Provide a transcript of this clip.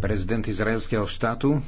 Prezident izraelského štátu.